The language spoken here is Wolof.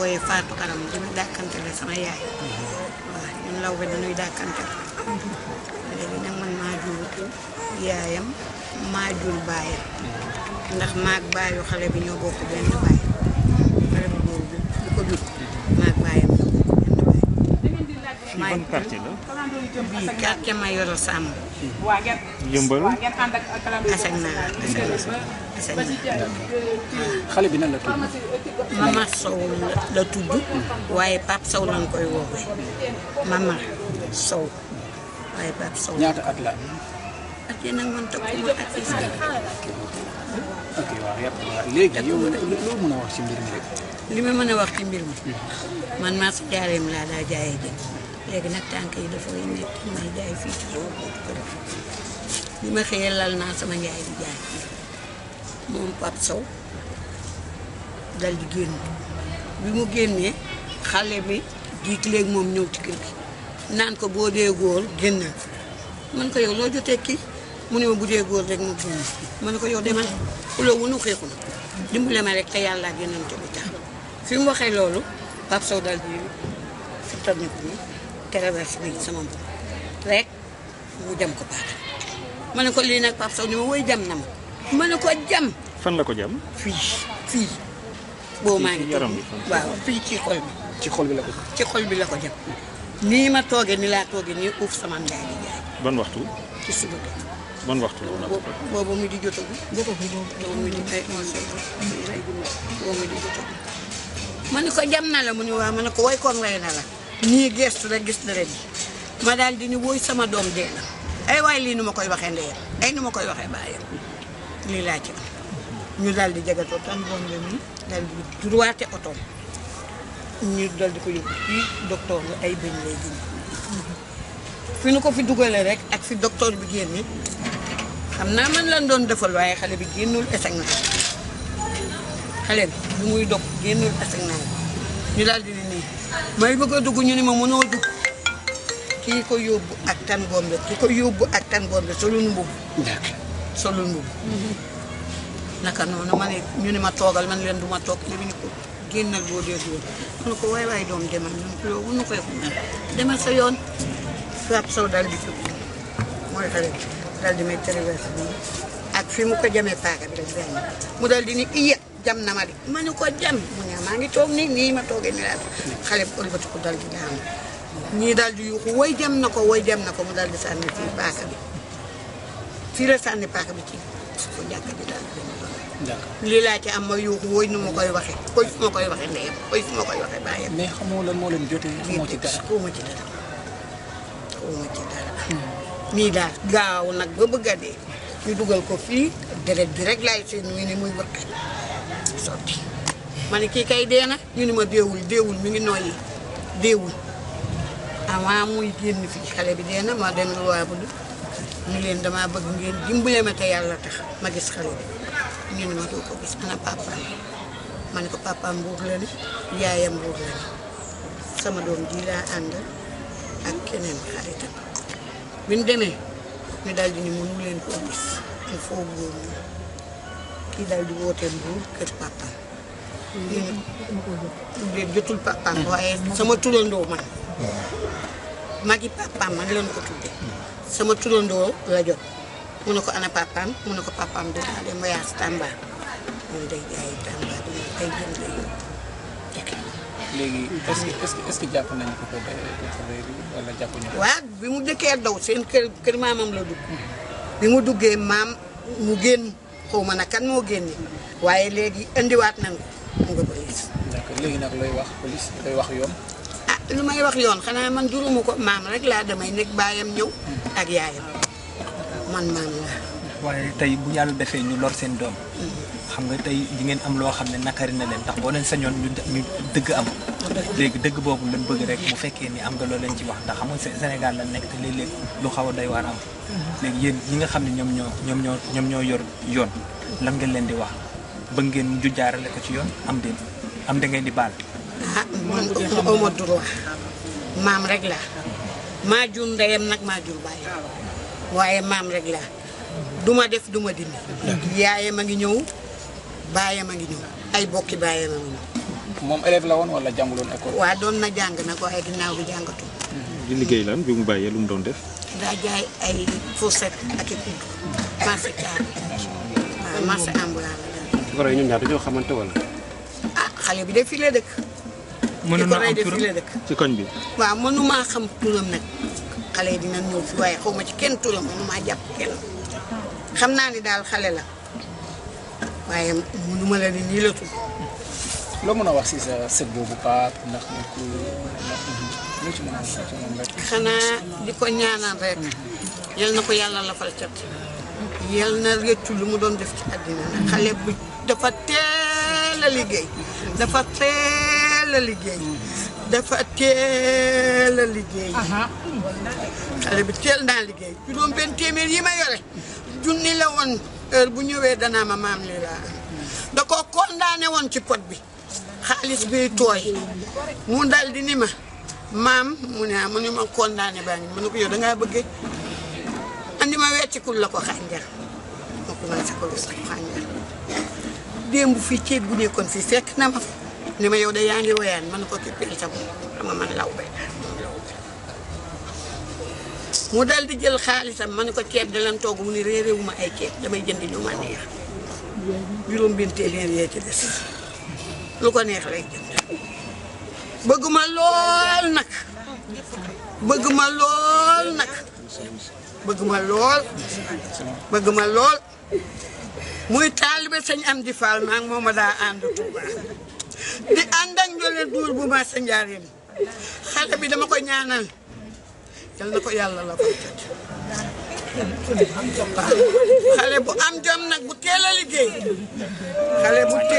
wooyee Fatou Aram di ma dàkkantale sama yaay waaw ñun law bi dañuy dàkkantale léegi nag man maa jur yaayam maa jur baayam ndax maag baayu xale bi ñoo bokk benn baay xale bu góor bi bu ko jur maag baayam ñoo bokk benn baay maa ban quartier la bii quartier ma yoro sàmm yëmbal asak naa asak naa xale bi nan la tudd mama sow la tuddu waye pap sow lañ koy wowe mama sow waye pap sow ñata at la ak yéen ngon man toog ma ak yi sax ok waaw yàpp legi yow lo mën wax ci mbir mi rek limi ma wax ci mbir mi mhm. man ma si jaarem la la jaayee jën legi nak tànk yi dafa dafay nekk may jaay fi ci soo ko def bi ma xëyee lal sama ñay di jaay mom pap sow dal di génn bi mu génnee xale bi jiit léegi moom ñëw ci kër gi naan ko boo dee góor génnal man ko yow loo jotee kii mu ne ma bu dee góor rek mu génn man ko yow demal xuloo wunu xeexu na dimbale ma rek te yàlla ak yonent bi tax fi mu waxee loolu Pape Sow dal di fittal ni ko traverse bi sama mbokk rek mu jam ko paaka ma ne ko lii nag Pape Sow ni ma woy jam na ma ma ne ko jam fan la ko jam fii fii maa ngi waaw fii ci xol bi ci ci xol bi la ko jëm nii ma tooge ni laa tooge nii uuf sama ndaay di jaay ban waxtu ci suba waxtu la boobu di jotagu boobu ni ko jam na la mu ni waaw ma ne ko way koom rey na la nii gestu la gis ma daal di ni woy sama doom dee na ay waay lii nu ma koy waxee ndeyam ay nu ma koy waxee baayam lii laa ci am ñu daal di jagatoo tan boom la ñu daal di ñu daldi ko yóbbu fii docteur bi ay bëñ lay génn fi ñu ko fi dugalee rek ak fi doktoor bi génne xam naa man lan doon defal waaye xale bi génnul eseg na xale bi lu muy dog génnul eseg na ñu daal di ne nii may bëgg a dugg ñu ni ma mënoo dugg kii ko yóbbu ak tan boom ki ko yóbbu ak tan boom la solul mbubb solul mbubb mm-hmm. naka noonu ma ne ñu ne ma toogal man leen du ma toog li mu ne ko génnal boo dee góor mu ne ko waay waay doom demal ñu ko yow nu koy xunal demal sa yoon fab sow dal di jóg mooy xale dal di may traversé ak fi mu ko jamee paaka bi rek benn mu dal di ni iya jam na ma de ma ne ko jam mu ne maa ngi toog nii nii ma toogee ni laat xale bu ëllëg ko dal di daanu ñii dal di yuuxu way jam na ko way jam na ko mu dal di sànni fii paaka bi fii la sànni paaka bi ci su ko jàkka ji daal lii laa ci am ma yuuxu wóoy nu ma koy waxe koy fu ma koy waxee ndeyam koy fu ma koy waxee bàyyam. mais xamoo lan moo leen jotee. xamoo ci dara xamoo ci hmm. daal gaaw nag ba bëgg a ñu dugal ko fii deret bi rek laay seen ñu ne muy waqe sotti ma kii kay dee na ñu ne ma deewul deewul mi ngi noyyi deewul avant muy génn fii xale bi dee na ma dem lu waa bu ñu leen damaa bëgg ngeen dimbale te yàlla tax ma gis xale bi. ñun ma ko gis ana papa man ko papa mbuur la iya, ne iya, yaayam la sama doom ji laa àndal ak keneen xaritam bi mu demee ñu di ñu mënu leen koo gis il faut góor ñu di papa sama tulandoo man hmm. magi papa, man leen ko tudde sama tulandoo la jot mun ne ko ana papaam mu ne ko papaam dinaa dem voyage Tamba moom day léegi est-ce jàpp nañu ko wala jàppuñu ko. bi mu dëkkee daw seen kër kër maamam la dugg. bi mu duggee maam mu génn xaw ma moo génne waaye léegi indiwaat nañ ko mu nga police. d'accord léegi nag looy wax police looy wax yoon. ah lu may wax yoon xanaa man juróomu ko maam rek laa damay nekk baayam ñëw ak yaayam. man man la waaye tay bu yalla defé ñu lor seen doom xam nga tay di ngeen am lo xamné nakari na leen tax bo leen sañoon ñu dëgg am dëgg dëgg bobu leen bëgg rek bu fekké ni am nga lo leen ci wax ndax xam Sénégal la nekk te lé léeg lu xawa a doy waar am léegi yeen yi nga xamné ñom ñoo ñom ñoo ñom ñoo yor yoon lan ngeen leen di wax ba ngeen jaarale ko ci yoon am déet am de ngeen di baal ah man awma droit maam rek la maa jur ndeyam nag jur bàyyi waaye maam rek la duma def duma dindi yaayam a ngi ñëw baayam a ngi ñëw ay bokki baayam a ngi ñëw moom élève la woon wala jànguloon école. waaw doon na jàng na ko ay ginnaaw bi jàngatu. Mm-hmm. di liggéey lan bi mu bàyyee lu mu doon def. daa jaay ay fourchette ak i kudd. marché caar waaw marché ambulant la. goro yi ñoom ñaar dañoo xamante wala. ah xale bi de fii la dëkk. mënuma am turam ci koñ bi. waaw mënumaa xam turam nag xale yi dinañ fi waaye xaw ma ci kenn turam xam naa ni daal xale la waaye mënuma la ni nii la tudd. loo mën a wax si sa sët boobu Pape ndax nag ku a xanaa di ko ñaanal rek. yal na ko yàlla lafal cat. yal na rëccu lu mu doon def ci àddina xale bu dafa teel a liggéey dafa teel. teel a liggéey dafa teel a liggéey xale bi teel naa liggéey juróom benn téeméer yi ma yore junni la woon bu ñëwee danaa ma maam lii laa am da koo woon ci pot bi xaalis biy tooy mu dal di ni ma maam mu ne ah mu ne ma condamné baa ngi ma ne ko yow dangaa bëgge andi ma weccikul la ko xànjar ko xànjar démb fii ceeb bu nekkoon si fekk na ma ni ma yow de yaa ngi man ko ki pil sam dama man lawbe ya? mu dal di jël xaalisam man ko ceeb dalan togg mu ni réeréewu ay ceeb damay jënd lu ma neex juróom benn téeméer yee ci des lu ko neex lay jënd bëgg lool lool lool lool muy am di di ànd ak njoleel bu ma sa njaareem xale bi dama ko ñaanal yal na ko yàlla la ko xale bu am jom nag bu teel a liggéey xale bu